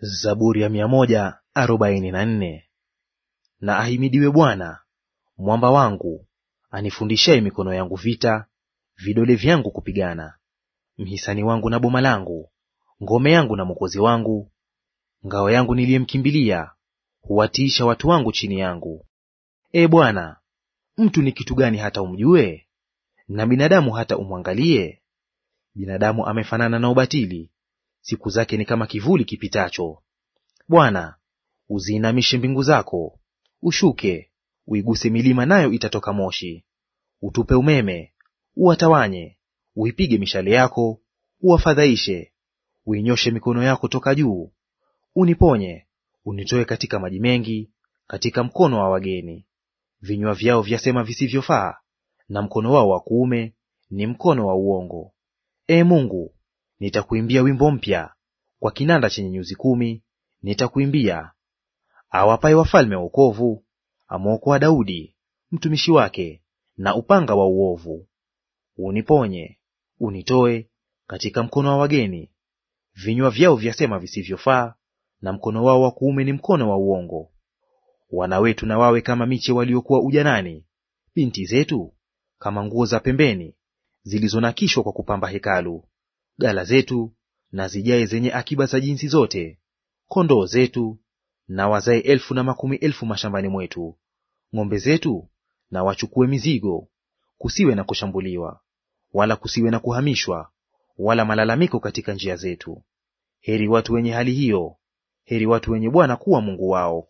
Zaburi ya mia moja arobaini na nne. Na ahimidiwe Bwana mwamba wangu, anifundishaye mikono yangu vita, vidole vyangu kupigana, mhisani wangu na boma langu, ngome yangu na mwokozi wangu, ngao yangu niliyemkimbilia, huwatiisha watu wangu chini yangu. E Bwana, mtu ni kitu gani hata umjue, na binadamu hata umwangalie? Binadamu amefanana na ubatili, siku zake ni kama kivuli kipitacho. Bwana, uziinamishe mbingu zako, ushuke, uiguse milima, nayo itatoka moshi. Utupe umeme, uwatawanye, uipige mishale yako, uwafadhaishe. Uinyoshe mikono yako toka juu, uniponye, unitoe katika maji mengi, katika mkono wa wageni. Vinywa vyao vyasema visivyofaa, na mkono wao wa kuume ni mkono wa uongo. Ee Mungu, nitakuimbia wimbo mpya, kwa kinanda chenye nyuzi kumi nitakuimbia. Awapaye wafalme wa wokovu, amwokoa Daudi mtumishi wake na upanga wa uovu. Uniponye, unitoe katika mkono wa wageni; vinywa vyao vyasema visivyofaa, na mkono wao wa kuume ni mkono wa uongo. Wana wetu na wawe kama miche waliokuwa ujanani, binti zetu kama nguo za pembeni zilizonakishwa kwa kupamba hekalu gala zetu na zijae zenye akiba za jinsi zote, kondoo zetu na wazae elfu na makumi elfu mashambani mwetu, ng'ombe zetu na wachukue mizigo. Kusiwe na kushambuliwa wala kusiwe na kuhamishwa wala malalamiko katika njia zetu. Heri watu wenye hali hiyo, heri watu wenye Bwana kuwa Mungu wao.